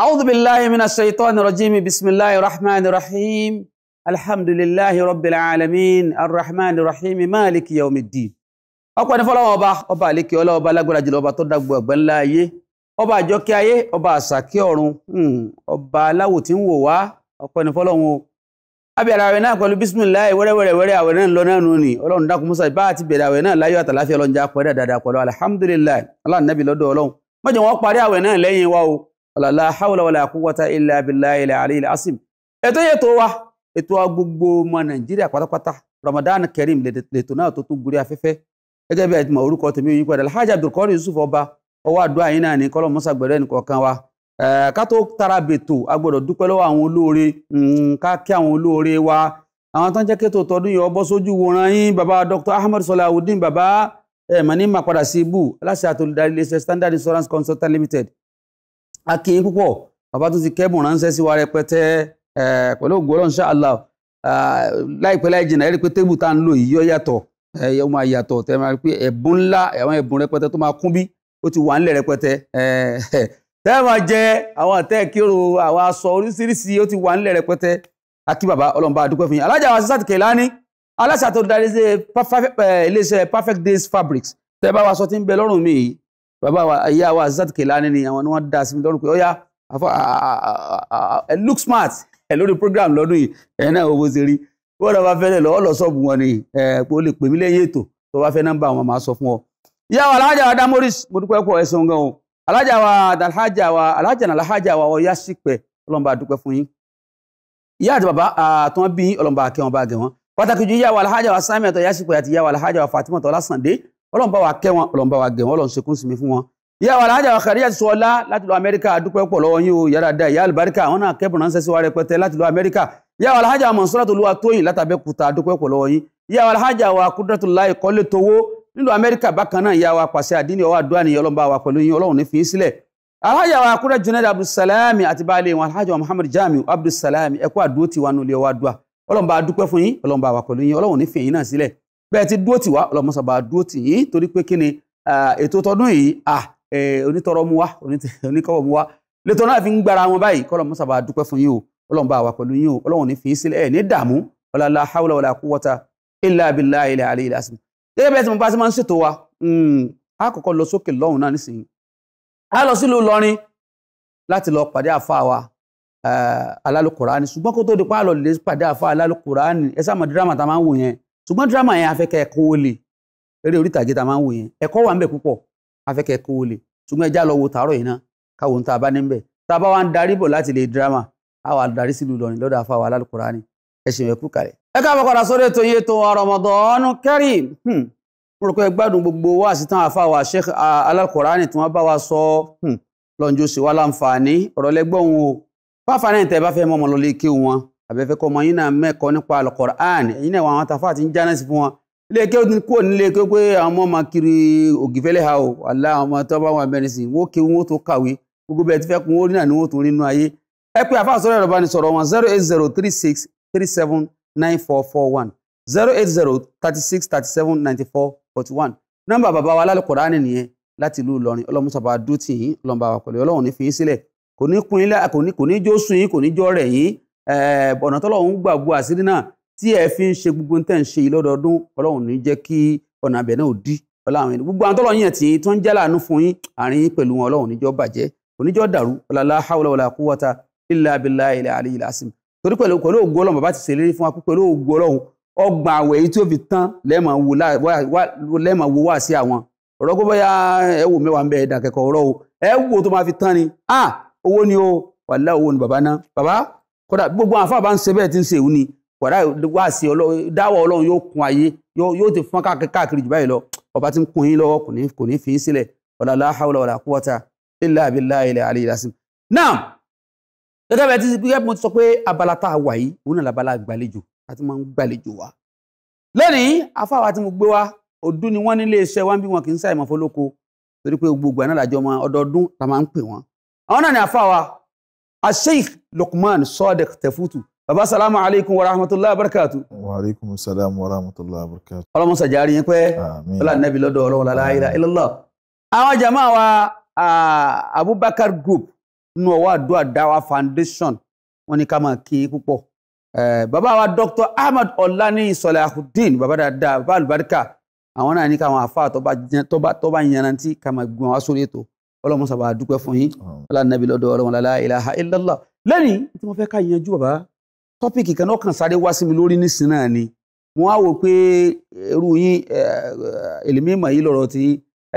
أعوذ بالله من الشيطان الرجيم بسم الله الرحمن الرحيم الحمد لله رب العالمين الرحمن الرحيم مالك يوم الدين ọpẹ́ ní fọ́lọ́wọ́ ọba ọba àlékè ọlá ọba alágbára jùlọ ọba tó dàgbò ẹ̀gbẹ́ ńlá ayé ọba àjọkẹ́ ayé ọba àsàkí ọ̀run hmm, ọba aláwò tí ń wò wá ọpẹ́ ní fọ́lọ́wọ́ o abẹ́rẹ́ àwẹ̀ náà pẹ̀lú bísímìláì wẹ́rẹ́wẹ́rẹ́wẹ́rẹ́ àwẹ̀ náà lọ náà nù ní ọlọ́run dákun musa bá àti bẹ̀rẹ̀ àwẹ̀ náà láyọ̀ àtàláfíà ọlọ́run já pẹ̀lú àdàdà pẹ̀lú alhamdulilayi aláǹdàbí lọ́dọ̀ ọlọ́run mọ́jọ wọn parí àwẹ̀ náà lẹ́yìn wa o ọ̀làlá haúlà wàlà àkúwọ́ta ilẹ̀ abilá ilẹ̀ àlẹ́ ilẹ̀ asim ètò yẹtò wa ètò gbogbo ọmọ nàìjíríà pátápátá ramadan kareem lètò náà tó tún gorí afẹ́fẹ́ gẹ́gẹ́ bí ẹ̀dùnmọ̀ orúkọ tèmi yìí padà alhaji abdulkari yusuf ọba ọwọ́ àdúrà yín náà ní kọ́lọ́ musa gbẹ̀rẹ́ nìkọ̀ọ̀kan wa ká tó tara bètò a gbọ́dọ̀ dúpẹ́ lọ́wọ́ àwọn olóore mm, ká kí àwọn olóore wa àwọn tó ń jẹ́ kétò tọdún yìí akí yín púpọ̀ bàbá tó ti kẹ́bùn ránṣẹ́ sí wa rẹpẹtẹ pẹ̀lú ògo Ọlọ́run insha Allah láìpẹ́ láì jìnnà ẹ̀rí pé tébù tá à ń lò yìí yọ yàtọ̀ ẹ̀yọ́ máa yàtọ̀ tẹ́ máa rí pé ẹ̀bùn ńlá àwọn ẹ̀bùn rẹpẹtẹ tó máa kún bí ó ti wà ńlẹ̀ rẹpẹtẹ tẹ́ máa jẹ àwọn àtẹ́ kírò àwọn aṣọ oríṣiríṣi ó ti wà ńlẹ̀ rẹpẹtẹ akí bàbá Ọlọ́run bá dúpẹ́ fún alájà wa sísàtì eh, eh, Perfect Days Fabrics tẹ́ bá wa sọ mi bàbá wa ayé àwa Azat Kelani ni àwọn ni wọ́n dá sí mi lọ́rùn pé ó yá ẹ look smart ẹ lórí program lọ́dún yìí ẹ náà owó ṣe rí wọ́n náà bá fẹ́ lọ ọ̀lọ́ sọ́ọ̀bù wọn ni ẹ pé ó lè pè mí lẹ́yìn ètò tó bá fẹ́ nọ́mbà wọn máa sọ fún ọ. ìyá wa alájà wa Damoris mo dúpẹ́ pọ̀ ẹ̀sùn gan o alájà wa alájà wa alájà náà alájà wa ọ̀yá sípẹ́ ọlọ́mọba dúpẹ́ fún yín. ìyá àti bàbá àtọ́ bí ọlọ́mọba akẹ́wọn bá gẹ̀ wọ́n pàtàkì ju ìyá wa alájà wa Sami àtọ̀ yá sípẹ́ àti ìyá wa alájà wa Fatima tọ́lá Sàndé ọlọ́run bá wa kẹ́ wọn ọlọ́run bá wa gẹ̀ wọn ọlọ́run ṣekún sinmi fún wọn. ìyá wa alájà wa kàríyà sọ ọlá láti lọ amẹ́ríkà dúpẹ́ pọ̀ lọ́wọ́ yín o yàrá da ìyá àlùbáríkà àwọn náà kẹ́bùn ránṣẹ́ sí wa rẹpẹtẹ láti lọ amẹ́ríkà ìyá wa alájà mọ̀nsọ́ràtò olúwa tóyìn látàbẹ́kúta dúpẹ́ pọ̀ lọ́wọ́ yín ìyá wa alájà wa kúdẹ́tùláì kọ́lé towó nílùú amẹ́ríkà bákan náà ìyá wa pàṣẹ ni ọlọ́run bá wa pẹ̀lú yín ọlọ́run ní fi í sílẹ̀ alájà wa kúrẹ́ junaid abdulsalami àti baálé wọn alájà muhammed jamiu abdulsalami ẹ̀kọ́ àdúró tiwa nílé ọwọ́ àdúrà bẹ́ẹ̀ ti dúró tì wá ọlọ́mọsàbà dúró tì yín torí pé kí ni ètò tọdún yìí onítọrọ mú wá oníkọ́wọ̀ mú wá lẹ́tọ̀ náà fi ń gbára wọn báyìí kọ́lọ́mọsàbà dúpẹ́ fún yín o ọlọ́run bá wà pẹ̀lú yín o ọlọ́run ní fi sílẹ̀ ẹ̀ ní dààmú ọlọ́lá haúlá wàlá kú wọ́ta ilà abilà ilẹ̀ alẹ́ ilẹ̀ asin gẹ́gẹ́ bẹ́ẹ̀ tí mo bá ti máa ń ṣètò wa hmm, a lọ sókè lọ́hùn náà nísìnyí a lọ sílùú lọrin láti lọ pàdé àfáà wa eh, alálùkùránì ṣùgbọ́n kó tó di pa á lè pàdé àfáà alálùkùránì ẹ sáà mọ̀ dírámà tá a máa ń wò yẹn ṣùgbọ́n drama yẹn afẹ́kẹ́ ẹ̀kọ́ olè eré orí ìtàgé ta máa ń wò yẹn ẹ̀kọ́ wà ń bẹ púpọ̀ afẹ́kẹ́ ẹ̀kọ́ olè ṣùgbọ́n ẹja lọ wo tàárọ̀ yìí náà káwo ń ta bá níbẹ̀ tá a bá wá ń darí bọ̀ láti lè dírámà a wà darí sílùú lọrin lọ́dọ̀ àfàwà alálùkùránì ẹ ṣe mẹ́kú kalẹ̀. ẹ káàbọ̀ padà sórí ètò yìí ètò Ramadan Kareem hmm. mo rò pé gbádùn gbogbo wá sí tán àfàwà Sheikh alálùkùránì tí wọ́n bá wa sọ hmm. lọ́njọ́ sí wa láǹfààní ọ̀rọ̀ lẹ́gbọ̀n o fáfáà náà tẹ́ bá fẹ́ mọ́ ọmọ lọ lé àbẹ́fẹ́ kọ́ ọmọ yín náà mẹ́kọ́ nípa alukoran yín náà àwọn tafa ti ń jáná sí fún wọn ilé kéwù ti kúrò nílé kéwù pé àwọn ọmọ máa kiri ògìfẹ́lẹ́ ha o àlá àwọn ọmọ tó bá wà mẹ́rin sí wọ́n kéwù wọ́n tó kàwé gbogbo bẹ́ẹ̀ ti fẹ́ kún wọ́n rí náà ni wọ́n tó rí nínú ayé ẹ pé àfa àsọ̀rọ̀ ìrọ̀bá ni sọ̀rọ̀ wọn zero eight zero three six three seven nine four four one zero eight zero thirty six thirty seven ninety four forty one nọ́mbà bàbá wa lálùkọ̀ránì nìyẹn láti ìlú Ìlọrin ọlọ́mùsàbà dútì yín ọlọ́mùbà wà pẹ̀lú ọlọ́run ní fi yín sílẹ̀ kò ní kún yín kò ní jó sùn yín kò ní jọ́ rẹ̀ yín Eh, ọ̀nà tọ́lọ́run gbàgbọ́ àṣírí náà tí ẹ fi ń ṣe gbogbo tẹ̀ ń ṣe yìí lọ́dọọdún ọlọ́run ní jẹ́ kí ọ̀nà àbẹ̀ náà ò dí ọláwọn ẹni gbogbo àwọn tọ́lọ́run yẹn tí tó ń jẹ́ láàánú fún yín àárín yín pẹ̀lú wọn ọlọ́run níjọ́ bàjẹ́ oníjọ́ dàrú ọ̀làlá hawla wala quwwata illa billahi ilẹ̀ àlẹ́ ilẹ̀ asim torí pẹ̀lú pẹ̀lú ògùn ọlọ́run bàbá ti ṣèlérí fún wa pẹ̀lú ògùn ọlọ́run ọgbà àwẹ̀ yìí tó fi tán lẹ́ẹ̀mọ̀ wo wá sí àwọn ọ̀rọ̀ gbọ́ bóyá o ẹ wò ah owó ni o wàlá owó ni bàbá ná bàbá kódà gbogbo àwọn afáàbá ń ṣe bẹ́ẹ̀ tí ń ṣe èwú ni wàrà wá sí dáwọ́ ọlọ́run yóò kún ayé yóò ti fún káàkiri jù báyìí lọ ọba tí ń kún yín lọ́wọ́ kò ní fi í sílẹ̀ wàlá láhàwọ̀lá wàlá kúwọ́ta ilá abilá ilẹ̀ alẹ́ ìlàsìn. náà gẹ́gẹ́ bẹ́ẹ̀ tí gẹ́gẹ́ mo sọ pé abala tá a wà yìí òun náà labala gbàlejò àti máa ń gbàlejò wa. lónìí afáwa tí mo gbé wa òdu ni wọ́n nílé iṣẹ́ wa ń bí wọn kì í sáì mọ́ fọlọ́kọ torí pé gbogbo àná làjọ ọmọ ọdọọdún la máa ń pè wọ́n. àwọn náà ni afáwa asheikh lukman sadiq tefutu baba salamu alaikum wa rahmatulahi barakatu. wa alaikum salam wa rahmatulahi barakatu. ọlọ́mọ sàjárí yín pẹ́ ọlá nàbí lọ́dọ̀ ọlọ́run la ilaha illallah. àwọn jama wa abubakar group nínú ọwọ́ àdúrà dáwà foundation wọn ni ká máa kí púpọ̀. bàbá wa dr ahmed ọ̀lànìyí sọ̀làhùdín bàbá dáadáa bàbá àlùbáríkà àwọn náà ní káwọn àfa tó bá yanrantí ká máa gbọ́n wá sórí ọlọ́run sábà dúpẹ́ fún yín ọlọ́nàbí lọ́dọ̀ ọlọ́run lálá ilaha illallah lẹ́ni tí mo fẹ́ ká yanjú bàbá tọ́pìkì kan náà kàn sáré wá sí mi lórí nísìn náà ni mo á wò pé irú yín èlèmí mà yí lọ́rọ̀ tí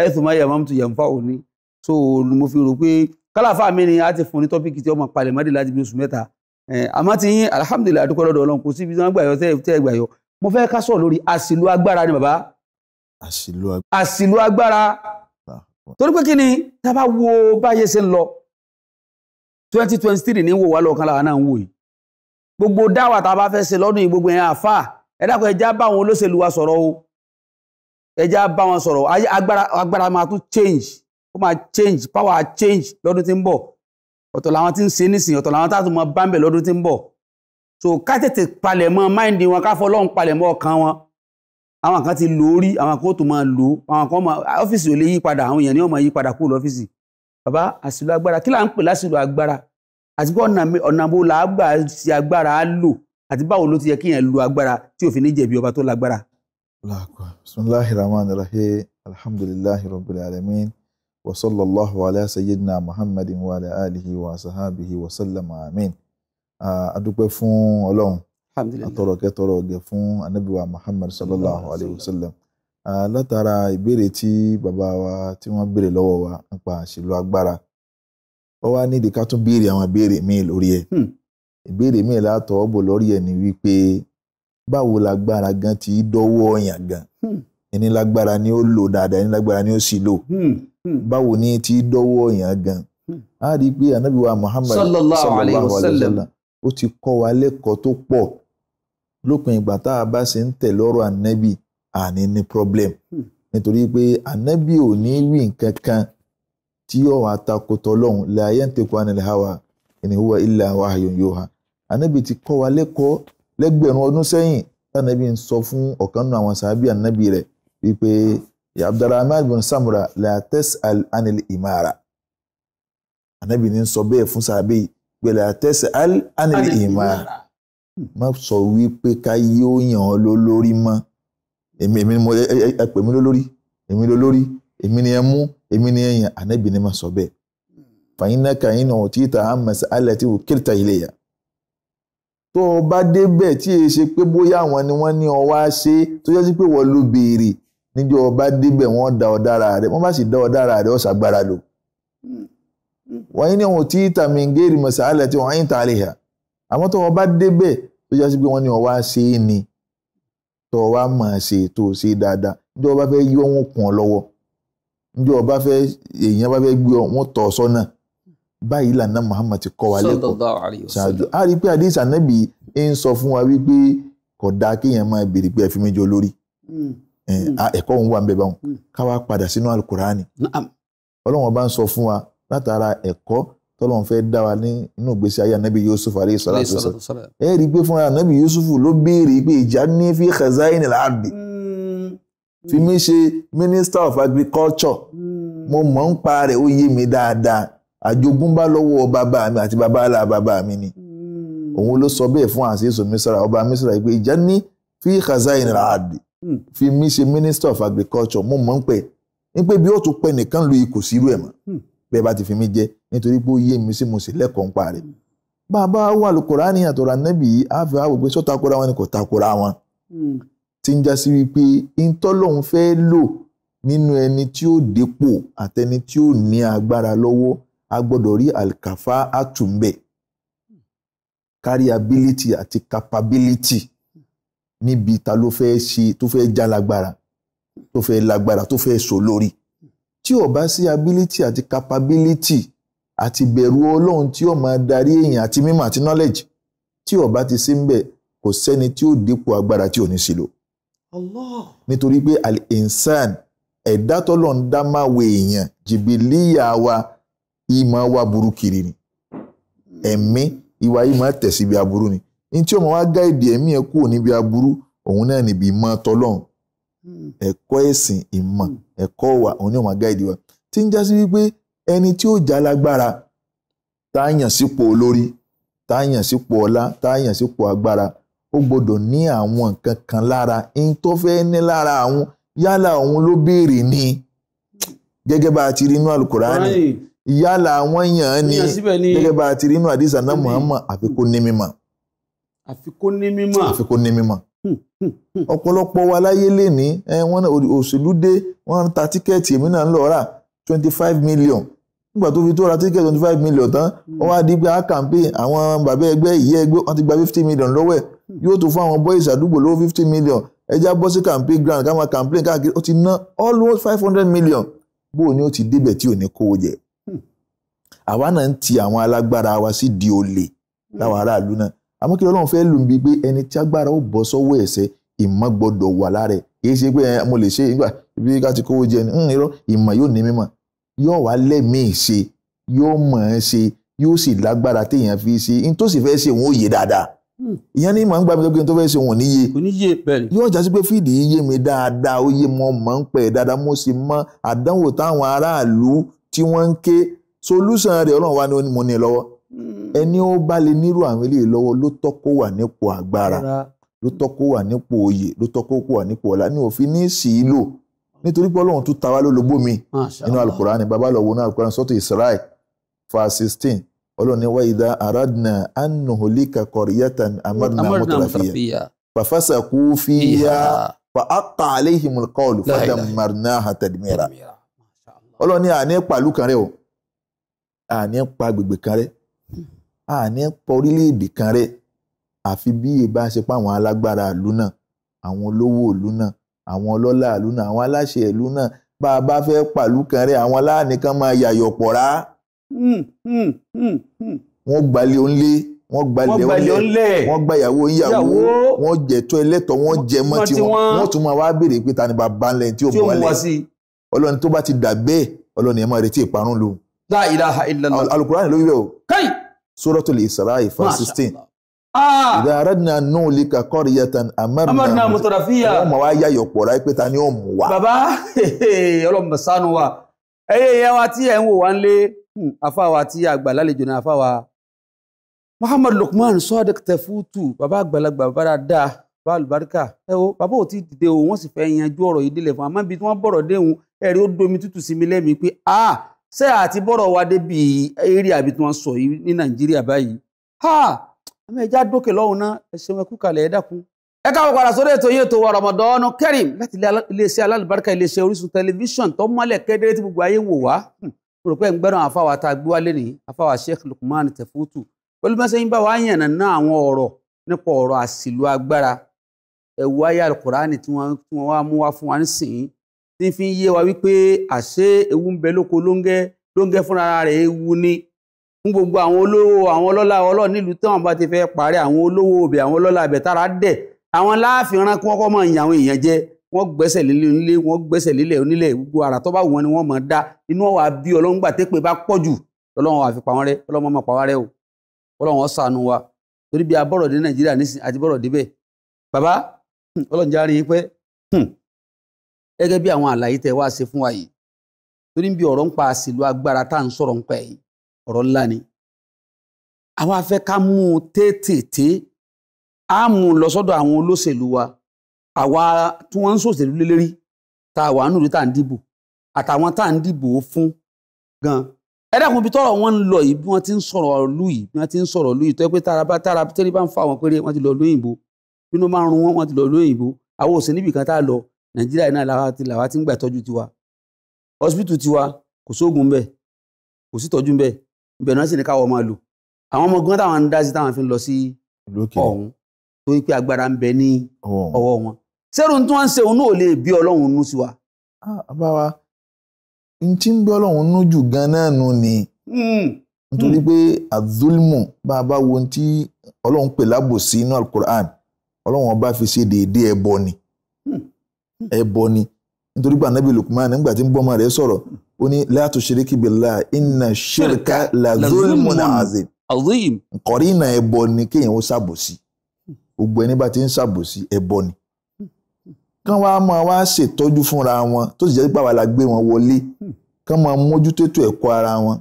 ẹ̀sùn máa yà máa tún yà ń fà ò ní so mo fi rò pé kálàfà mi ni a ti fún ní tọ́pìkì tí ọmọ palẹ̀ mọ́dé láti bí oṣù mẹ́ta àmọ́ ti yín alhamdulilayi adúpẹ́ lọ́dọ̀ ọlọ́run kò sí ibi tí wọ́n gbà yọ tẹ́ ẹ gbà yọ mo fẹ́ ni bàbá àṣìlò torí pé kí ni tá a bá wo báyé ṣe ń lọ twenty twenty three ní wò wá lọ́ọ̀kan làwọn náà ń wò yìí gbogbo dáwà tá a bá fẹ́ ṣe lọ́dún yìí gbogbo yẹn àfà ẹ dákun ẹja bá àwọn olóṣèlú wa sọ̀rọ̀ o ẹja bá wọn sọ̀rọ̀ agbára máa tún change ó máa change power change lọ́dún tí ń bọ̀ ọ̀tọ̀ làwọn tí ń ṣe nísìnyí ọ̀tọ̀ làwọn tá máa bá ń bẹ̀ lọ́dún tí ń bọ̀ so ká tètè palẹ̀ mọ́ máìndì wọn ká fọlọ́run palẹ̀ mọ́ wọn àwọn kan ti lò ó rí àwọn kan tó máa lò ó àwọn kan máa ọ́fíìsì ò lè yí padà àwọn èèyàn ni wọ́n máa yí padà kúrò lọ́fíìsì bàbá àṣìlò agbára kí là ń pè láṣìlò agbára àti pé ọ̀nà bó la gbà ṣe agbára á lò àti báwo ló ti yẹ kéèyàn lo agbára tí òfin ní jẹ̀bi ọba tó lágbára. làkà bisimilahi rahman rahim alhamdulilahi rabbil alamin wa sallallahu ala sayyidina muhammadin wa ala alihi wa sahabihi wa sallam amin. a dúpẹ́ fún ọlọ́run àtọrọ kẹtọrọ ọgẹ fún anabiwa muhammad sallallahu alayhi wa sallam ah, látara ìbéèrè tí bàbá wa tí wọ́n béèrè lọ́wọ́ wa nípa àṣìlò agbára ó wá nídìí ká tún béèrè àwọn ìbéèrè míì lórí ẹ̀ hmm. ìbéèrè míì látọ̀ ọ́ bò lórí ẹ̀ ni wípé báwo lágbára gan ti dọ́wọ́ ọ̀yàn gan hmm. ẹni lágbára ni ó lò dáadáa ẹni lágbára ni ó sì lò hmm. báwo ni ti dọ́wọ́ ọ̀yàn gan a rí i pé anabiwa muhammad sallallahu alayhi wa sallam ó ti kọ́ wa lẹ́kọ̀ọ́ tó pọ̀ lópin ìgbà tá a bá ṣe ń tẹ̀ lọ́rọ̀ ànábì àní ní problem hmm. nítorí pé ànábì ò ní wí nǹkan kan tí yóò wá takòtò ọlọ́run la yantiqu anil hawa in huwa illa wahyun yuha ànábì ti kọ́ wa lẹ́kọ̀ọ́ lẹ́gbẹ̀rún ọdún sẹ́yìn tànábì ń sọ fún ọ̀kan nínú àwọn sàábì ànábì rẹ̀ wípé abdulrahman bin samura la tas'al anil imara ànábì ní sọ bẹ́ẹ̀ fún sàábì pé la tas'al anil imara má sọ wípé káyé ó yàn ọ́ lólórí mọ́ èmi èmi mo ẹ pè mí lólórí èmi lólórí èmi ni ẹ mú èmi ni ẹ yàn ànábì ni má sọ bẹ́ẹ̀ fàyínàkà yín náà tí ìta àmàṣà alẹ́ tí òkèrìtà ilé yà tó o bá débẹ̀ tí èyí ṣe pé bóyá àwọn ni wọ́n ní ọwọ́ á ṣe tó yẹ sí pé wọ́n ló béèrè níjọ́ o bá débẹ̀ wọ́n da ọ̀dára rẹ̀ wọ́n bá sì da ọ̀dára rẹ̀ ọ̀ṣàgbára lò wọ́n yín ní ohun tí ìta mi ń gé ìrìmọ̀ṣà alẹ́ tí wọ́n á yín ta àlè yà. àmọ́ tó wọn bá débẹ̀ tó jásí pé wọ́n ní ọwá ni tó ṣe tó ṣe dáadáa níjọ́ ọba fẹ́ yí wọn kùn ọ lọ́wọ́ níjọ́ ọba fẹ́ èèyàn bá fẹ́ gbé ọ tọ̀ sọ́nà báyìí lànà Muhammad ti kọ́ wa lẹ́kọ̀ọ́ ṣáájú a rí i pé ń sọ wípé kò dáa máa pé ẹ fi mí hmm. hmm. ẹ̀kọ́ òun wà ń bẹ báwọn hmm. ká wá padà tọ́lọ́run fẹ́ dá wa ní inú ìgbésí ayé anabi yusuf alayhi salatu wasalam ẹ rí i pé fúnra anabi yusuf ló béèrè pé ij'alni fi khazainil ardi mm. fi mí ṣe minister of agriculture mm. mo mọ̀ ń pa rẹ̀ ó yé mi dáadáa àjogúnbá lọ́wọ́ bàbá mi àti bàbá àlà bàbá mi ni mm. òun ló sọ bẹ́ẹ̀ fún àṣeyẹsọ misra ọba misra pé ij'alni fi khazainil ardi fi mí ṣe minister of agriculture mo mọ̀ ń pẹ́ ń pẹ́ bí ó tún pẹ́ nìkan lu ikùn sírú ẹ̀ mọ́ bẹ́ẹ̀ bá ti fi mí jẹ nítorí pé ó yé mi sí mo sì lẹ́kọ̀ọ́ ń pa rẹ̀. bàbá wa Al-Kùránì àtọ̀rọ̀ ànẹ́bì yìí á fi àwọn pé sọ takora wọn ni kò takora wọn. Hmm. ti ń já sí wípé ìtọ́lọ́hún fẹ́ lò nínú ẹni tí ó dépò àtẹni tí ó ní agbára lọ́wọ́ a gbọ́dọ̀ rí àlìkàfà àtúnbẹ̀ káríabílítì àti kapabílítì níbi ta ló fẹ́ ṣe tó fẹ́ já lágbára tó fẹ́ lágbára tó fẹ́ sọ lórí tí ò bá sí ability àti capability àti bẹ̀rù ọlọ́run tí ó máa darí èèyàn àti mímọ̀ àti knowledge tí ò bá ti sí ń bẹ̀ kò sẹ́ni tí ó dípò agbára tí ò ní sí Allah. nítorí pé al-insan ẹ̀dá tọ́lọ̀ ń dá máa wo èèyàn jìbìlíyà wa ìmọ̀ wa burú kiri ni ẹ̀mí ìwà ìmọ̀ tẹ̀ síbi aburú ni ní tí ọmọ wa gáìdì ẹ̀mí ẹ̀ kúrò níbi aburú òun náà níbi ìmọ̀ tọ́lọ́run hmm. ẹ̀kọ́ ẹ̀sìn ìmọ̀. Mm ẹ̀kọ́ wa òun ni ó máa gáìdì wa tí ń já sí wípé ẹni tí ó já lágbára tá a yàn sípò olórí tá a yàn sípò ọlá tá a yàn sípò agbára ó gbọ́dọ̀ ní àwọn nǹkan kan lára ń tó fẹ́ ní lára àwọn yálà òun ló béèrè ni gẹ́gẹ́ bá a ti rí inú alukurani yálà àwọn yàn ni gẹ́gẹ́ bá a ti rí inú àdìsá náà Muhammad àfikún ní mímọ́. àfikún ní mímọ́. àfikún ní mímọ́ ọ̀pọ̀lọpọ̀ wa láyé lè ní wọ́n òṣèlú dé wọ́n ta tíkẹ́ẹ̀tì èmi náà ń lọ rà twenty five million nígbà tó fi tó ra tíkẹ́ẹ̀tì twenty five million tán wọ́n wá di pé a campaign àwọn bàbá ẹgbẹ́ ìyá ẹgbẹ́ wọ́n ti gba fifty million lọ́wọ́ ẹ̀ yóò tó fún àwọn boys àdúgbò lówó fifty million ẹja bọ́ sí campaign ground káwọn campaign káàkiri ó ti ná almost five hundred million bó o ní o ti débẹ̀ tí ò ní kówó jẹ hmm. àwa náà ń ti àwọn alágbára wa sí di olè láwọn aráàlú náà àmọ́ kí Ọlọ́run fẹ́ lù mí pé ẹni tí agbára ó bọ́ sọ́wọ́ ẹ̀ṣẹ̀ ìmọ̀ gbọ́dọ̀ wà lára ẹ̀ kìí ṣe pé mo lè ṣe nígbà bí ká ti kówó jẹ ní irọ́ ìmọ̀ yóò ní mímọ̀ yóò wá lẹ́mìí ṣe yóò mọ̀ ẹ́ ṣe yóò sì lágbára téèyàn fi ṣe n tó sì fẹ́ ṣe òun ó yé dáadáa hmm. ìyẹn ní màá ń gbà mí lọ́gbìn tó fẹ́ ṣe òun ò ní yé yóò jásí pé fídì yé mi dáadáa ó yé mọ́ mọ́ ń pẹ́ dáadáa mo sì mọ àdánwò táwọn aráàlú tí wọ́n ń ké solúsàn rẹ̀ Ọlọ́run wá ní mo ní lọ́wọ́ Hmm. ẹni ó bá lè nírú àwọn eléyìí lọ́wọ́ ló tọ́ kó wà nípò agbára ló tọ́ kó wà nípò oyè ló tọ́ kó wà nípò ọlá ní òfin ní sílò nítorí pé ọlọ́run tún ta wá lólobó mi nínú alukóra ni bàbá lọ wo náà alukóra sọ́tò Israel fa sixteen ọlọ́run ní wáyídá aradna anuhulika kọ̀ríyàtàn amadna mọ́tàláfíà fàfàṣà kú fíyà fàákà aléhìmùl kọ́ọ̀lù fàdà marina hatadimira ọlọ́run ní àní pàlú kan rẹ o àní pa gbègbè kan rẹ àní pọ̀ orílẹ̀-èdè kan rẹ̀ àfi bí ìbá e ṣe pa àwọn alágbára ìlú náà àwọn olówó ìlú náà àwọn ọlọ́lá ìlú náà àwọn aláṣẹ ìlú náà bá a bá fẹ́ pàlú kan rẹ̀ àwọn aláàánú kan máa yàyọ̀ pọ̀ rá. Hmm, hmm, hmm, wọ́n gbalẹ̀ onílé wọ́n gbalẹ̀ onílé wọ́n gba ìyàwó ìyàwó wọ́n jẹ̀tọ́ ẹlẹ́tọ̀ wọ́n jẹ mọ́ tiwọn wọ́n tún máa wá béèrè pé ta ni bàbá ńlẹ̀ tí ó mú wálẹ̀ ọlọ́ni tó bá ti dà bẹ́ẹ̀ ọlọ́ni ẹ̀ máa retí ìparun lòun. La ilaha illallah. alukurani ló wí o. káyì suratul isra'i verse sixteen. ìdá ah! aradna nuhlika qaryatan amarna mutarafiya wọ́n mọ̀ wá yáyọ̀ pọ̀ ráyé pé ta ni ó mú wa. bàbá ọlọ́mọ sánú wa ẹyẹ ìyá wa tí ẹ̀ ń wò wá ń lé afáwa hmm, tí àgbà lálejò náà afáwa Muhammad Lukman Sadiq Tefutu bàbá àgbàlagbà bàbá dáadáa bá àlùbáríkà ẹ o bàbá ò tí ì dìde o wọ́n sì fẹ́ yanjú ọ̀rọ̀ yìí délẹ̀ fún wa àmọ́ ibi tí wọ́n bọ̀rọ̀ déhùn ẹ̀rí ó domi tútù sí mi lẹ́mìí pé ah ṣé àti bọ́rọ̀ wa débi eré àbí tí wọ́n sọ yìí ní nàìjíríà báyìí ha ẹ̀mí ẹja dókè lọ́hùn náà ẹ ṣeun ẹ kú kalẹ̀ ẹ dákun. ẹ káàbọ̀ padà sórí ètò yìí ètò wa Ramadan Kareem láti iléeṣẹ́ alálùbáríkà iléeṣẹ́ Orísun tẹlifíṣàn tó mọ́lẹ̀ kedere tí gbogbo ayé wò wá hmm, mo rò pé ń gbẹ́ràn àfàwà tá a gbé wálé ní àfàwà Sheikh Lukman Tefutu pẹ̀lú mẹ́sẹ̀ yín bá wàá yànnà ná àwọn ọ̀rọ̀ nípa ọ̀rọ̀ àṣìlò agbára ẹ̀wù ayé al tí fi ń yé wa wípé àṣé ewu ń bẹ lóko lóńgẹ́ lóńgẹ́ fúnra rẹ̀ ewu ni fún gbogbo àwọn olówó àwọn ọlọ́lá ọlọ́ọ̀ nílùú tí wọ́n bá ti fẹ́ parí àwọn olówó ibẹ̀ àwọn ọlọ́lá ibẹ̀ tára dẹ̀ àwọn láàfin rán kí wọ́n kọ́ máa yin àwọn èèyàn jẹ wọ́n gbẹ́sẹ̀ lílé onílé wọ́n gbẹ́sẹ̀ lílé onílé gbogbo ara tó bá wù wọ́n ni wọ́n máa dá inú ọ̀wà bí ọlọ́run gbà tẹ́pẹ́ bá pọ̀ jù lọ́lọ́run àfi pa wọ́n rẹ́ ọlọ́run máa pa wá rẹ́ o ọlọ́run ṣàánú wa torí bí abọ́rọ̀ dé nàìjíríà nísìnyí àti bọ́rọ̀ débẹ̀ bàbá ọlọ́run járe yín pẹ́ gẹ́gẹ́ bí àwọn àlàyé tẹ wá ṣe fún wa yìí torí bí ọ̀rọ̀ ń pa àṣìlò agbára tá à ń sọ̀rọ̀ ń pa yìí ọ̀rọ̀ ńlá ni àwa fẹ́ ká mú un tètè á mú un lọ sọ́dọ̀ àwọn olóṣèlú wa àwa tí wọ́n ń ṣòṣèlú lélẹ́rí tá a wà nùdí tá à ń dìbò àtàwọn tá à ń dìbò fún gan ẹ dákun ibi tọ́rọ̀ wọn ń lọ yìí bí wọ́n ti ń sọ̀rọ̀ lù yìí bí wọ́n ti ń sọ̀rọ̀ lù yìí tó yẹ pé tára bá tára tẹ́lẹ̀ bá ń fa àwọn péré wọ́n ti lọ lóyìnbó bínú máa ń wọn ti lọ lóyìnbó àwọn òsè níbì tá a lọ nàìjíríà náà làwa ti làwa ti ń gbà tọ́jú tiwa hospital tiwa kò sóògùn bẹ́ẹ̀ kò sí tọ́jú bẹ́ẹ̀ ibẹ̀ náà sì ní káwọ́ máa lò àwọn ọmọ gan táwọn ń dá sí táwọn fi ń lọ sí ọ̀hún tó yí pé agbára ń bẹ ní ọwọ́ wọn sẹ́rù tí wọ́n ń ṣe òun náà lè bí ọlọ́run nú sí wa. àbáwa n tí ń bí ọlọ́run nú jù gan-an ni hmm. nítorí pé azulmu bá a bá wo ohun tí ọlọ́run pè lábòsí inú alukur'an ọlọ́run ọba fi ṣe déédéé ẹbọ ni ẹbọ ni nítorí pé anabi lukman nígbà tí ń bọ́ ọmọ rẹ̀ sọ̀rọ̀ ó ní la tushiriki billah inna shirka la azim nkọ̀rí ìnà ẹbọ ni kéèyàn ó ṣàbòsí gbogbo ẹni bá ti ń ṣàbòsí ẹbọ ni kán wá máa wá ṣètọ́jú fúnra wọn tó sì jẹ́ pé àwa la gbé wọn wọlé kán máa mójútó ètò ẹ̀kọ́ ara wọn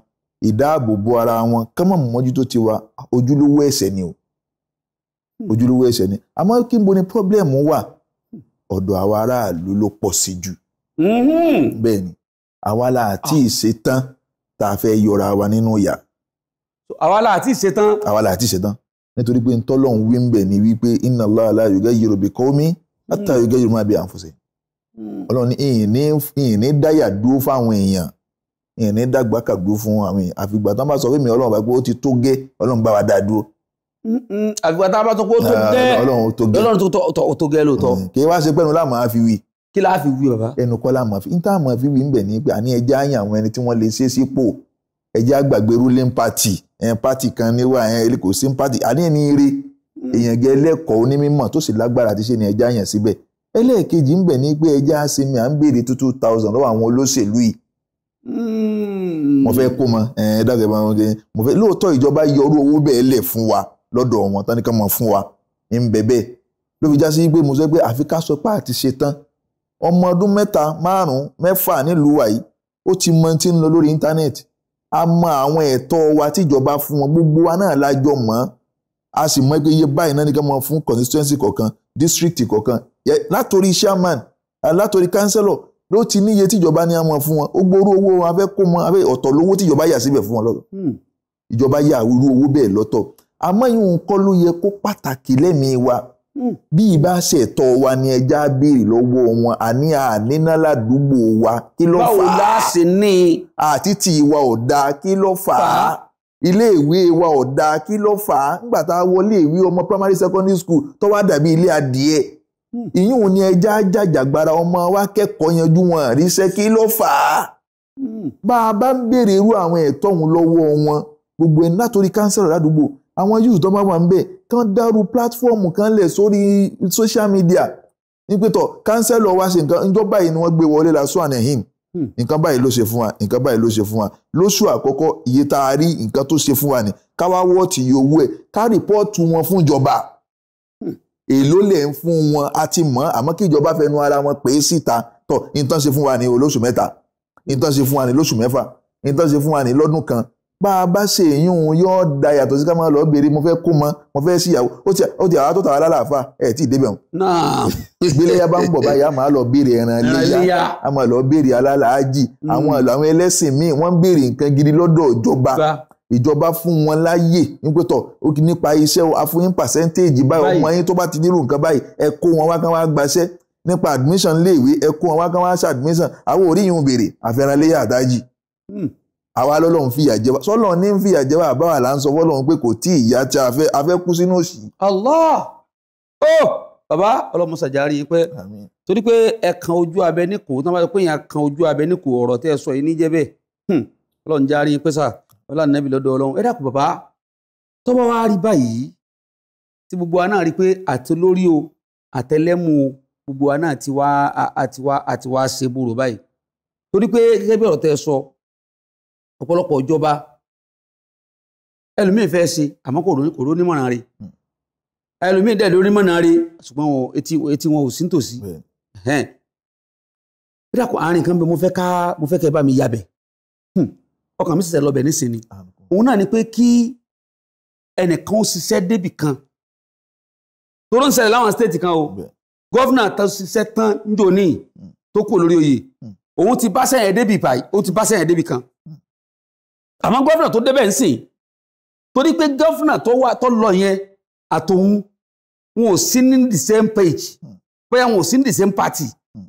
ìdáàbòbò ara wọn kán máa mójútó tiwa ojúlówó ẹ̀ṣẹ̀ ni o ojúlówó ẹ̀ṣẹ̀ ni àmọ́ kí n bo ni pọ́blẹ́mù wà ọ̀dọ̀ àwọn aráàlú ló pọ̀ sí jù. Mm-hmm. bẹ́ẹ̀ ni àwa la àti ìṣetán ah. tá a fẹ́ yọra wa nínú ìyà. àwa la àti ìṣetán. àwa la àti ìṣetán nítorí pé ntọ́lọ́hún wí ń bẹ̀ ni wípé inna Allah la yughayyiru bi qawmin hatta mm. yughayyiru ma bi anfusihim. Mm. ọlọ́run ní ìyìn ní dáyà dúró fáwọn èèyàn ìyìn ní dàgbà kàgbó fún àwọn èèyàn àfìgbà tán bá sọ fún mi ọlọ́run bá pé ó ti tó gé ọlọ́run bá wa dá dúró àfikún tá a bá tó kó tó ah, gẹ́ ọlọ́run tó gẹ́ lóòótọ́. Mm. kì í wá ṣe pẹ́nu láàmú àfi wí. kí láà fi wí bàbá. ẹnu kọ́ láàmú àfi níta àmọ́ àfi wí ń bẹ̀ ní pé àní ẹja àyàn àwọn ẹni tí wọ́n lè ṣe sípò ẹja àgbàgbé ruling party ẹn party kan níwá ẹn kò sí party àní ẹni ire mm. èèyàn gẹ lẹ́kọ̀ọ́ onímọ̀ tó sì lágbára àti ṣe ni ẹja àyàn síbẹ̀ ẹlẹ́ẹ̀kejì ń bẹ̀ ní pé ẹja àsinmi à ń béèrè two two thousand lọ́wọ́ àwọn olóṣèlú yìí mm. mo fẹ́ kó mọ ẹ dákẹ́ bá wọn mo fẹ́ lóòótọ́ ìjọba yọrú owó bẹ́ẹ̀ lẹ̀ fún wa lọ́dọ̀ wọn tán ní kàn mọ̀ fún wa ń bẹ bẹ́ẹ̀ ló fi já sí pé mo sọ pé àfi ká sọ pé àti ṣe tán ọmọ ọdún mẹ́ta márùn-ún mẹ́fà nílùú wa yìí ó ti mọ tí ń lọ lórí íńtánẹ́ẹ̀tì a mọ àwọn ẹ̀tọ́ wa tíjọba fún wọn gbogbo wa náà lájọ mọ́ a sì mọ iye báyìí náà ní ká mọ fún constituency kọ̀ọ̀kan district kọ̀ọ̀kan látòrí chairman látòrí councillor ló ti níye tíjọba ní a mọ fún wọn ó gbóró owó wọn a fẹ́ kó mọ a fẹ́ ọ̀tọ̀ lówó tíjọba yà síbẹ̀ fún wọn lọ́tọ̀ hmm. ìjọba yà irú owó bẹ́ẹ̀ lọ́tọ̀ àmọ́ ìhun kọ́ ló yẹ kó pàtàkì lẹ́mìí wa hmm. bí ìbá ṣètò wa ni ẹja béèrè lọ́wọ́ wọn àní àníná ládùúgbò wa kí ló fà á báwo la ṣe ní. àti tí ọ̀dà kí ló fà á iléèwé wa ọ̀dà kí ló fà á nígbà tá a wọlé ìwé ọmọ primary secondary school tó wá dàbí ilé adìẹ hmm. ìyún ni ẹja jàjàgbara ọmọ wa kẹ́kọ̀ọ́ yanjú wọn àríṣẹ́ kí ló fà á hmm. bá a bá ń béèrè irú àwọn ẹ̀tọ́ òun lọ́wọ́ wọn gbogbo ẹ̀ ń látòrí ládùúgbò àwọn youth tó bá wà ń bẹ̀ kán dárú platform kan lẹ̀ sórí social media ní pé tọ̀ kánsẹ́lọ̀ wa ṣe nǹkan ńjọ́ báyìí ni wọ́n gbé wọlé la sùn him hmm. nǹkan báyìí ló ṣe fún wa nǹkan báyìí ló ṣe fún wa lóṣù àkọ́kọ́ iye tá a rí nǹkan tó ṣe fún wa ni káwá wọ́ọ̀tì iye owó ẹ̀ ká rìpọ́ọ̀tù wọn fún ìjọba hmm. èló lẹ̀ ń fún wọn a ti mọ̀ àmọ́ kí ìjọba fẹnu ara wọn pè é síta tọ̀ nǹkan ṣe fún wa ní olóṣù mẹ́ta nǹkan ṣe fún wa ní lóṣù mẹ́fà nǹkan ṣe fún wa ní lọ́dún kan bá a bá ṣe èyún un yóò da yàtọ̀ sí ká máa lọ béèrè mo fẹ́ kó mọ mo fẹ́ síyàwó ó ti ó ti àwọn tó tàwa lálàáfà ẹ̀ tí ì débẹ̀ gbéléyà bá ń bọ̀ báyìí a máa lọ béèrè ẹran léyà a máa lọ béèrè alálàájì àwọn hmm. àwọn ẹlẹ́sìn míì wọ́n ń béèrè nǹkan gidi lọ́dọ̀ ìjọba ìjọba fún wọn láyè nípẹ́tọ̀ nípa iṣẹ́ afúnyín pàṣẹ́ntéèjì báyìí ọmọ yín tó bá ti nírú nǹkan báyìí ẹ kó wọn wá kán wá gbaṣẹ́ nípa admission léèwé ẹ kó wọn wá kán wá ṣe admission àwọn oríyìn òbèrè àfẹ́ranléyà àdájì. Hmm àwa lọ́lọ́run fìyà jẹ wá sọ́lọ́run ní fìyà jẹ wá àbáwá là ń sọ fọ́lọ́run pé kò tí ì yá tí a fẹ́ a fẹ́ kú sínú òṣì. Allah ó oh, bàbá ọlọmọsàjárì pé torí pé ẹ kan ojú abẹ ní kò tán bá pé yẹn kan ojú abẹ ní kò ọ̀rọ̀ tẹ́ ẹ sọ yìí níjẹ́ bẹ́ẹ̀ hmm, járí pé sà ọlọ́run nẹ́bí lọ́dọ̀ ọlọ́run ẹ dàpọ̀ bàbá tọ́ba wa rí báyìí tí gbogbo wa náà rí pé àti lórí o àtẹlẹ́mú o gbogbo wa náà ti wá àti wá àti wá ṣe búrò báyìí torí pé gẹ́gẹ́ bí ọ̀rọ̀ tẹ́ ẹ sọ ọ̀pọ̀lọpọ̀ ìjọba ẹlòmíì fẹ́ ṣe àmọ́ kò ró nímọ̀ràn rẹ̀ hmm. ẹlòmíì dẹ̀ lórí mọ̀nà rẹ̀ ṣùgbọ́n etí wọn ò sí nítòsí dídàkọ àárín kan bẹ mo fẹ́ ká mo fẹ́ kẹ́ bá mi yabẹ̀ hmm. ọkàn mi sì tẹ̀ lọ́bẹ̀ nísìnyí òun náà ni pé kí ẹnìkan ó ṣiṣẹ́ kan toró ń ṣẹlẹ̀ láwọn kan o gọ́fìnà tó ṣiṣẹ́ tán ń jò hmm. tó kù lórí oyè òun ti bá sẹ́yìn àmọ́ gọ́fìnà tó débẹ̀ ń sìn torí pé gọ́fìnà tó wà tó lọ yẹn àtòun wọn ò sí ní the same page hmm. bóyá wọn ò sí ní the same party hmm.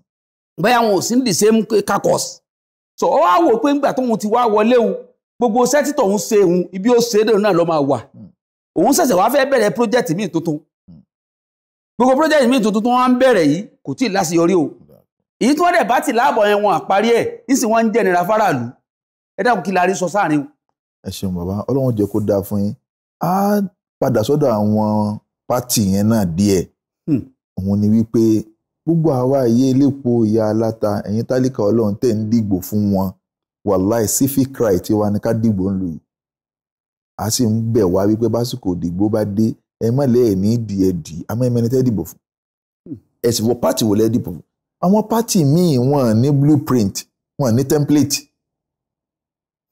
bóyá wọn ò sí ní the same caucus so ọ wá wò pé ńgbà tóun ti wá wọlé òun gbogbo sẹ́tì tóun ṣe òun ibi ó ṣe é dèrò náà ló máa wà hmm. òun ṣẹ̀ṣẹ̀ wá fẹ́ bẹ̀rẹ̀ project míì tuntun gbogbo project míì tuntun tó wọ́n ń bẹ̀rẹ̀ yìí kò tí ì láṣeyọrí o èyí tí wọ́n dẹ̀ bá ti láàbọ̀ yẹn wọn àparí ẹ̀ nísìnyí wọ́n ń jẹ́ nira fáráàlú ẹ dákun kí la rí sọ sáàrin o. ẹ ṣeun bàbá ọlọ́run jẹ́ kó dáa fún yín á padà sọ́dọ̀ àwọn pátì yẹn náà díẹ̀ hmm. òun ni wípé gbogbo àwa ayé elépo ìyá aláta ẹ̀yin tálíkà ọlọ́run tẹ̀ ń dìgbò fún wọn wàláì sífì kraì tí wàá ní ká dìgbò ń lò yìí a sì ń bẹ̀ wá wípé básìkò ìdìgbò bá dé ẹ má lè ní ìdìẹ dì àmọ́ ẹ̀mẹ́ni tẹ́ dìbò fún hmm. ẹ wọ pátì wò dìbò fún àwọn pátì míì wọn ní blueprint wọn ní template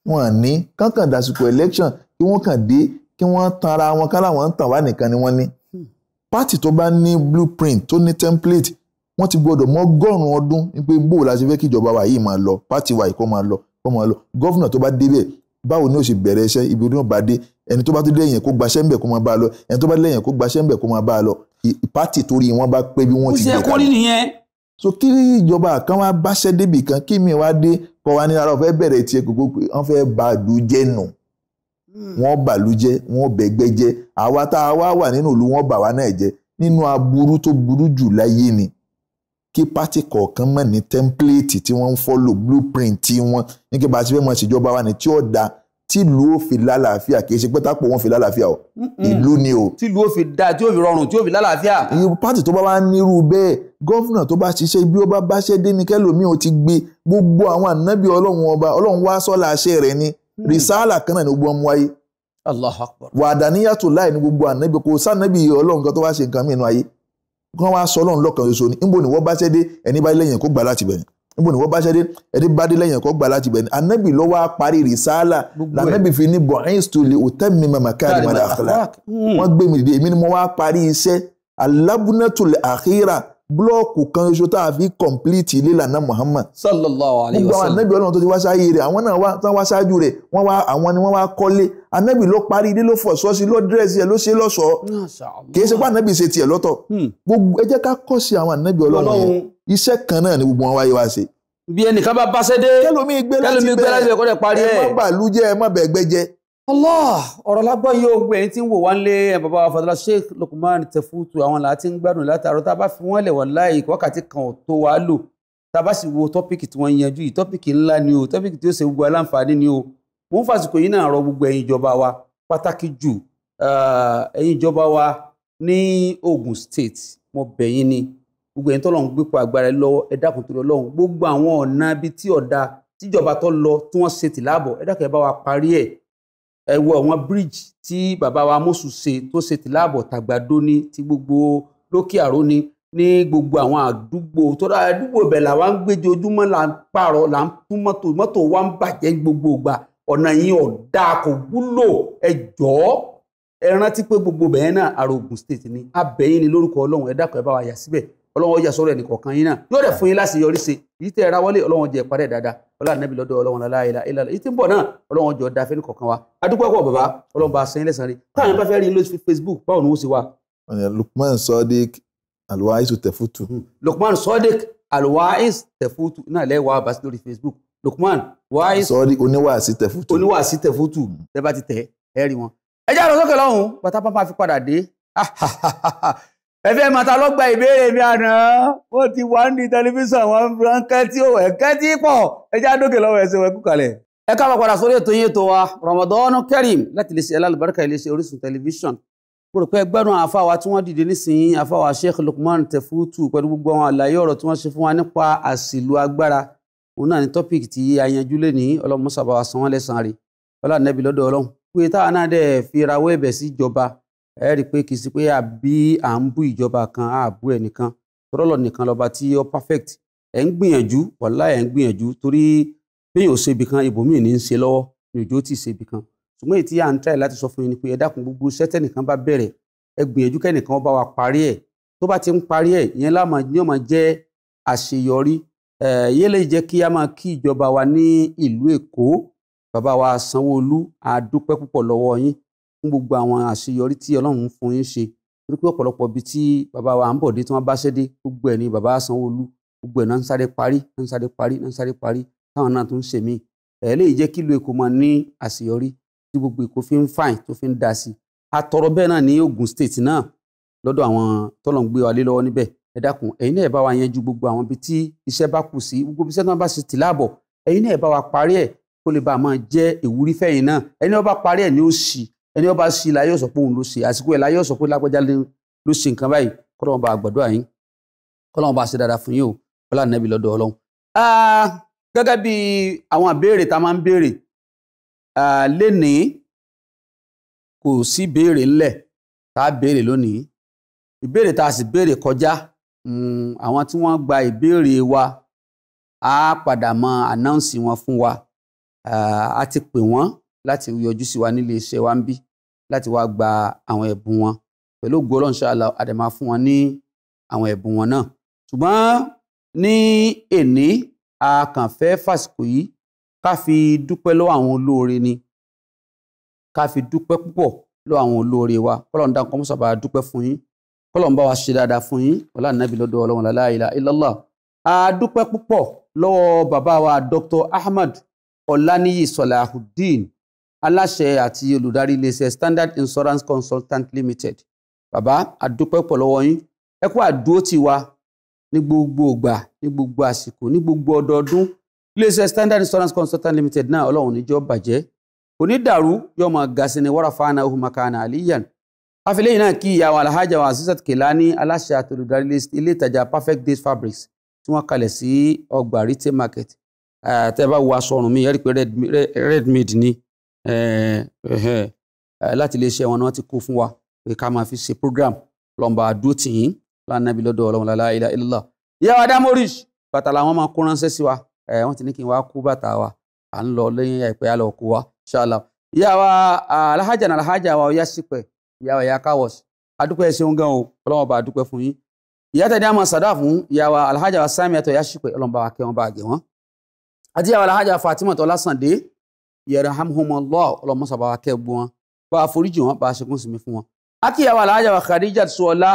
wọn ní kánkàn dàsìkò election kí wọ́n kàn dé kí wọ́n tan ara wọn kálá wọn ń tàn wá nìkan ni wọ́n ní. Hmm. pátì tó bá ní blueprint tó ní template wọ́n ti gbọ́dọ̀ mọ́ ọgọ́rùn-ún ọdún wípé bó o la ṣe fẹ́ kí ìjọba wa yìí máa lọ pátì wa yìí kó máa lọ kó máa lọ gọ́fúnà tó bá débẹ̀ báwo ni ó ṣe bẹ̀rẹ̀ iṣẹ́ ibi oníwọ̀n bá dé ẹni tó bá tó lẹ́yìn kó gbaṣẹ́ ńbẹ̀ kó máa bá a lọ ẹni tó bá lẹ́yìn kó gbaṣẹ́ ńbẹ̀ kó máa bá a lọ pátì torí wọn bá pé bí wọ́n ti gbé kalẹ̀ so kí ìjọba kan wá báṣẹ́ débì kan kí mi wá dé kọ́ wa ní ara ọ̀fẹ́ bẹ̀rẹ̀ tiẹ̀ kókó pé wọ́n fẹ́ ba ìlú nù hmm. wọ́n bà ìlú jẹ́ wọ́n àwa tá a wá wà nínú ìlú wọ́n bà wá náà jẹ́ nínú aburú tó burú jù láyé ni kí pátì kọ̀ọ̀kan mọ̀ ní tẹ́ḿpìlẹ̀tì tí wọ́n ń fọ́lò blueprint tí wọ́n ní kí bá a ti fẹ́ mọ̀ ṣèjọba wa ní tí ó dáa tìlú ò fi lálàáfíà kì í ṣe pé tápò wọn fi lálàáfíà o ìlú ni o. tìlú ò fi da tí ò fi rọrùn tí ò fi lálàáfíà. iye pátì tó bá wá nírú bẹ́ẹ̀ gọ́fúnà tó bá ṣiṣẹ́ bí ó bá báṣẹ́ dé ni kẹ́lòmíì ò ti gbé gbogbo àwọn ànábì ọlọ́run ọba ọlọ́run wá sọ́la àṣẹ rẹ̀ ni mm. rìsáàlà kan náà ni gbogbo ọmọ ayé. Allahu Akbar. wàdàníyàtò láì ní gbogbo ànábì kò sànábì ọlọ́run kan tó wá ṣe nǹkan mìíràn ayé kí wọ́n wá sọ ọlọ́run lọ́kàn ṣoṣo ni níbo ni wọ́n báṣẹ́ dé ẹni bá lẹ́yìn kó níbo ni wọ́n bá ṣẹ́dé ẹni bá dé lẹ́yìn ẹ̀kọ́ gbà láti bẹ̀rẹ̀ anábì lọ́wọ́ á parí rìsáàlà lànàbì fi ní bọ̀hìn stoli òtẹ́ mi màmá káàdì màdà àkàlà wọ́n gbé mi dìde èmi ni mo wá parí iṣẹ́ alábùnátòlè àkírà búlọ́ọ̀kù kan ṣoṣo tá a fi kọ̀m̀plìtì lílànà Muhammad. sallallahu alayhi wa sallam. gbogbo àwọn anábì ọlọ́run tó ti wá sáyé rẹ̀ àwọn náà tán wá ṣáájú rẹ̀ wọ́n wá àwọn ni wọ́n wá kọ́lé anábì ló parí ilé ló fọ̀ sọ́ọ́sì ló dírẹ́sì ẹ̀ ló ṣe lọ́ṣọ̀ọ́. kì í ṣe pé anábì ṣe tiẹ̀ lọ́tọ̀. Hmm. gbogbo ẹ jẹ́ ká kọ́ sí àwọn anábì ọlọ́run yẹn iṣẹ́ kan náà ni gbogbo wọn wáyé wá ṣe. bí ẹnìkan bá bá ṣẹ́dé kẹlòmíì gbé láti bẹ̀rẹ̀ ẹ má bàlújẹ́ ẹ má bẹ̀gbẹ́jẹ́ Allah ọ̀rọ̀ lágbọ́n yóò gbé ẹni tí ń wò wá lé ẹ̀ bàbá wa fàdúrà Sheikh Lukman Tefutu àwọn là ti ń gbádùn látàárọ̀ tá a bá fi wọ́n lẹ̀ wọ́n láì wákàtí kan ò tó wá lò tá a bá sì wo tọ́pìkì tí wọ́n yanjú yìí tọ́pìkì ńlá ni o tọ́pìkì tí ó ṣe gbogbo aláǹfààní ni o mo ń fàsìkò yìí náà rọ gbogbo ẹ̀yin ìjọba wa pàtàkì jù ẹ̀yin ìjọba wa ní Ogun State mo bẹ̀ yín ni gbogbo ẹ̀yin tí ọ̀dà tó lọ tí wọ́n ṣe ẹ dákun bá wa parí ẹ̀ ẹ wo àwọn bridge tí bàbá wa mọ́sù ṣe tó ṣe tìláàbọ̀ tàgbàdo ní ti gbogbo lókè àró ní ní gbogbo àwọn àdúgbò tó dáa àdúgbò ibẹ̀ là wá ń gbé ojoojúmọ́ là ń pààrọ̀ là ń tún mọ́tò mọ́tò wa ń bàjẹ́ gbogbo ìgbà ọ̀nà yìí ọ̀dà kò wúlò ẹ jọ̀ọ́ ẹ rántí pé gbogbo bẹ̀yẹn náà àrògùn state ni abẹ́yìn ni lórúkọ ọlọ́run ẹ dákun ẹ bá wa yà síbẹ̀ ọlọ́wọ́n yà sọ́rọ̀ ẹnì kọ̀ọ̀kan yín náà yóò dẹ̀ fún yín láti yọrí sí yìí tẹ̀ ra wọlé ọlọ́wọ́n jẹ ìparẹ́ dáadáa ọlọ́wọ́n nẹ́bí lọ́dọ̀ ọlọ́wọ́n aláìlá ìlànà yìí tí ń bọ̀ náà ọlọ́wọ́n jọ da fẹ́ni kọ̀ọ̀kan wa adúpẹ́ pọ̀ bàbá ọlọ́wọ́n bá sẹ́yìn lẹ́sàn-án rí káàní bá fẹ́ rí lórí Facebook báwo ni wọ́n sì wá. Lukman Sodiq Alwaisu Tefutu. Hmm. Lukman Sodiq Alwais Tefutu náà lẹ́wàá bá sí lórí Facebook Lukman Wais. Sodiq oníwàásí Tefutu. oníwàásí Tefutu hmm. tẹ́ bá ti tẹ̀ ẹ́ rí wọn. ẹ jẹ́ àlọ́ sókè lọ́hùn-ún bàtà pápá fi padà dé ẹfẹ mata lọgba ìbéèrè mi àná wọn ti wà ní tẹlifíṣàn wọn ń kẹtí ò ẹkẹtí pọ ẹjẹ àdókè lọ́wọ́ ẹsẹ wọn kúkalẹ. ẹ káàbọ̀ padà sórí ètò yín ètò wa Ramadan Kareem láti lè ṣe alálùbáríkà iléeṣẹ́ Orísun tẹlifíṣàn mo rò pé ẹgbẹ́rún àfàwà tí wọ́n dìde nísìnyí àfàwà Sheikh Lukman Tefutu pẹ̀lú gbogbo àwọn àlàyé ọ̀rọ̀ tí wọ́n ṣe fún wa nípa àṣìlò agbára òun náà ni tọ́pìkì tí ayanjú lé ní ọlọ́mọ sábà wa san wọ́n lẹ́sàn-án rè ọlọ́ọ̀nẹ́bí lọ́dọ̀ ọlọ́run pé táwa náà dẹ̀ fi rawọ́ ẹ̀bẹ̀ sí ìjọba ẹ rí i pé kì í sí pé àbí à ń bú ìjọba kan àbú ẹnìkan tọ́lọ́lọ́ nìkan lọ́ba tí ó perfect ẹ̀ ń gbìyànjú wàhálà ẹ̀ ń gbìyànjú torí bẹ́ẹ̀ ò ṣe ibì kan ibòmíì ní í ṣe lọ́wọ́ ní òjò tí ì ṣe ibì kan ṣùgbọ́n èyí tí à ń tẹ̀ láti sọ fún yín ni pé ẹ gbogbo iṣẹ́ tẹ́nìkan bá bẹ̀rẹ̀ ẹ gbìyànjú kẹ́nìkan bá wa parí ẹ̀ tó bá ti ń parí ẹ̀ ìyẹn láàmú ni ó máa jẹ́ àṣeyọrí ìyẹn lè jẹ́ kí a máa kí ìjọba wa ní ìlú Èkó bàbá wa Sanwó-Olú púpọ̀ lọ́wọ́ yín fún gbogbo àwọn àṣeyọrí tí ọlọ́run fún yín ṣe torí pé ọ̀pọ̀lọpọ̀ ibi tí bàbá wa Àǹbọ̀dé tí wọ́n bá ṣẹ́dé gbogbo ẹ̀ ní bàbá Sanwó-Olú gbogbo ẹ̀ náà ń sáré parí náà ń sáré parí náà ń sáré parí táwọn náà tún ń ṣe míì ẹ̀ lè jẹ́ kí ìlú Èkó máa ní àṣeyọrí tí gbogbo Èkó fi ń fàìn tó fi ń da sí i atọrọ bẹ́ẹ̀ náà ní Ògùn state náà lọ́dọ̀ àwọn tọ́lọ̀ ń gbé wa lé lọ́wọ́ níbẹ̀ ẹ dákun ẹ̀yin náà ẹ bá wa yanjú gbogbo àwọn ibi tí iṣẹ́ bá kù sí gbogbo iṣẹ́ náà bá ṣe tì láàbọ̀ ẹ̀yin náà ẹ bá wa parí ẹ̀ kó lè bá a máa jẹ́ ìwúrí fẹ́yìn náà ẹni wọ́n bá parí ẹ̀ ni ó ẹni ọba sí i la yóò sọ pé òun ló ṣe àsìkò ẹ̀ la yóò sọ pé lápẹjá ló ṣe nǹkan báyìí kọ́lọ́ wọn bá gbàdúrà yín kọ́lọ́ wọn bá ṣe dáadáa fún yín o ọlá nẹ́bí lọ́dọ̀ ọlọ́run. gẹ́gẹ́ bí àwọn àbéèrè tá a máa ń béèrè lénìí kò sí béèrè ńlẹ̀ tá a béèrè lónìí ìbéèrè tá a sì béèrè kọjá hmm, àwọn tí wọ́n gba ìbéèrè wa á padà mọ ànáùnsì wọn fún láti yọjú sí wa nílé iṣẹ́ wa ń bí láti wá gba àwọn ẹ̀bùn wọn pẹ̀lú ògo Ọlọ́run ṣáàlà àdèmá fún wọn ní àwọn ẹ̀bùn wọn náà ṣùgbọ́n ní èní a kàn fẹ́ fàsìkò yìí ká fi dúpẹ́ lọ́wọ́ àwọn olóore ni ká fi dúpẹ́ púpọ̀ lọ́wọ́ àwọn olóore wa kọ́lọ́n dákun mọ́sá bá dúpẹ́ fún yín kọ́lọ́n bá wa ṣe dáadáa fún yín wọlé ànábì lọ́dọ̀ Ọlọ́run lálẹ́ ilọ́lá a dúpẹ́ púpọ̀ lọ́wọ́ bàbá wa Dr. Ahmad Ọláníyì Salahuddin aláṣẹ àti olùdarí iléeṣẹ́ Standard Insurance Consultant Limited bàbá àdúpẹ́ pọ̀ lọ́wọ́ yín ẹ kú àdúró tì wá ní gbogbo ìgbà ní gbogbo àsìkò ní gbogbo ọdọọdún iléeṣẹ́ Standard Insurance Consultant Limited náà ọlọ́run níjọ́ bàjẹ́ onídàrú yóò máa ga sí ni wàràfàánà ohùnmákàánà àlíyàn àfilẹ́yìn náà kí ìyàwó alhaja wa Azizat Kelani aláṣẹ àti olùdarí ilé ìtajà Perfect Days Fabrics tí wọ́n kalẹ̀ sí ọgbà retail market tẹ́ bá wo aṣọ ọrùn mi ẹ pé red made ni láti iléeṣẹ́ wọn ni wọ́n ti kó fún wa pé ká máa fi ṣe program lọ́nba àdúró tì yín lánàbí lọ́dọ̀ ọlọ́run lálá ilá ilá ìyá wa dámórìṣ bàtà làwọn máa kó ránṣẹ́ sí wa wọ́n ti ní kí n wá kó bàtà wa à ń lọ lẹ́yìn àìpẹ́ àlọ́ kó wa ṣáàlà ìyá wa alhaja na alhaja wa ọ̀yá sípẹ̀ ìyá wa ìyá káwọ̀s adúpẹ́ ẹ̀ ṣeun gan o ọlọ́run bá adúpẹ́ fún yín ìyá tẹ̀dé àmọ́ sàdá fún ìyá wa alhaja wa sami àtọ̀ ìyá sípẹ̀ ọlọ́run bá wa kẹ́ wọn bá gẹ̀ wọn àti ìyá wa alhaja fatima tọ́lá yarhamhumullah ọlọ́mọ sábà wa kẹ́ gbọ́n bá a foríjì wọn bá a ṣe kún fún wọn. akíyàwó alájà wa Khadija Ṣọlá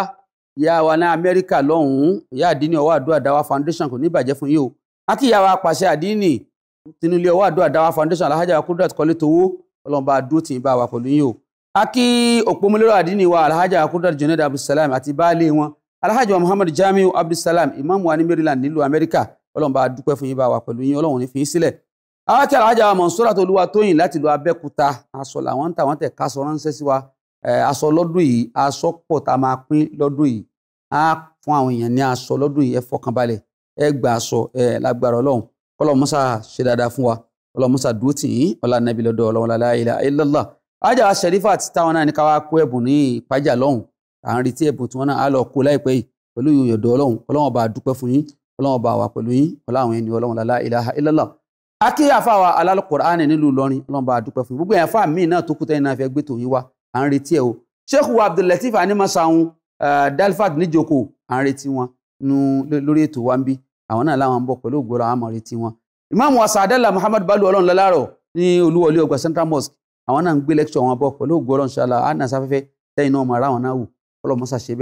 ìyàwó ní Amẹ́ríkà lọ́hùn-ún ìyá àdínní ọwọ́ àdúrà dáwà foundation kò ní ìbàjẹ́ fún yìí o akíyàwó apàṣẹ àdínní tinúlé ọwọ́ àdúrà dáwà foundation alájà wa Kudrat kọ́lé towó ọlọ́mọba dúró tì í bá wa pẹ̀lú yìí o. akí òpómúlérò àdínní wa alájà wa Kudrat Junaid Abdulsalam àti baálé wọn alájà wa Muhammad Jamiu Abdulsalam imaamu wa ní Maryland nílùú Amẹ́ríkà ọlọ́mọba dúpẹ́ fún yín bá wa pẹ̀lú yín ọlọ́run ní fi yín sílẹ̀ àwọn tí alájà mọ̀nsóra tó olúwa tóyìn láti lu abẹ́kúta aṣọ làwọn ń tà wọ́n tẹ̀ kásọ ránṣẹ́ sí wa aṣọ lọ́dún yìí aṣọ pọ̀ tá a máa pín lọ́dún yìí á fún àwọn èèyàn ní aṣọ lọ́dún yìí ẹ fọkànbalẹ̀ ẹ gba aṣọ ẹ lágbára ọlọ́run kọlọ́mọ́sà ṣe dáadáa fún wa kọlọ́mọ́sà dúró tì yín ọlá nàbí lọ́dọ̀ ọlọ́run lálẹ́ àìlá ilọ́lá ajá sẹ̀rífà ti táwọn náà ní ká wá kó ẹ̀bùn akí àfàwà alálùkùránì nílùú Ìlọrin lọ́nba àdúpẹ́ fún gbogbo ẹ̀fà míì náà tó kú tẹ́yìn náà fẹ́ gbé tòun wá à ń retí ẹ̀ o Sheikh Abdulateef Animasahun Dalifat níjoko à ń retí wọn lórí ètò wa ń bí àwọn náà láwọn ń bọ̀ pẹ̀lú ògbóró àwọn àmọ̀ retí wọn. ìmáàmù asadala Muhammad Balu ọlọ́run lálárọ̀ ní olúwọlé ọgbà Central Mosque àwọn náà ń gbé lẹ́kṣọ̀ wọn bọ̀ pẹ̀lú ògbóró inshallah àná sáfẹ́fẹ́ tẹ́yìn náà mọ̀ ara wọn náà wò ọlọ́mọsà ṣe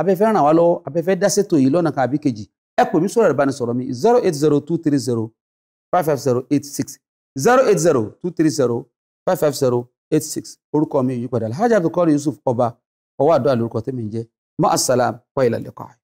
abẹ́fẹ́ ràn wá lọ́wọ́ abẹ́fẹ́ dáṣètò yìí lọ́nà kan àbí kejì ẹ pè mí sọ̀rọ̀ ìbánisọ̀rọ̀ mi zero eight zero two three zero five five zero eight six zero eight zero two three zero five five zero eight six orúkọ mi yìí padà alhaji abdulkadir yusuf ọba ọwọ́ àdúrà lórúkọ tẹ́mi ń jẹ́ mọ́ àsálàm wa ilà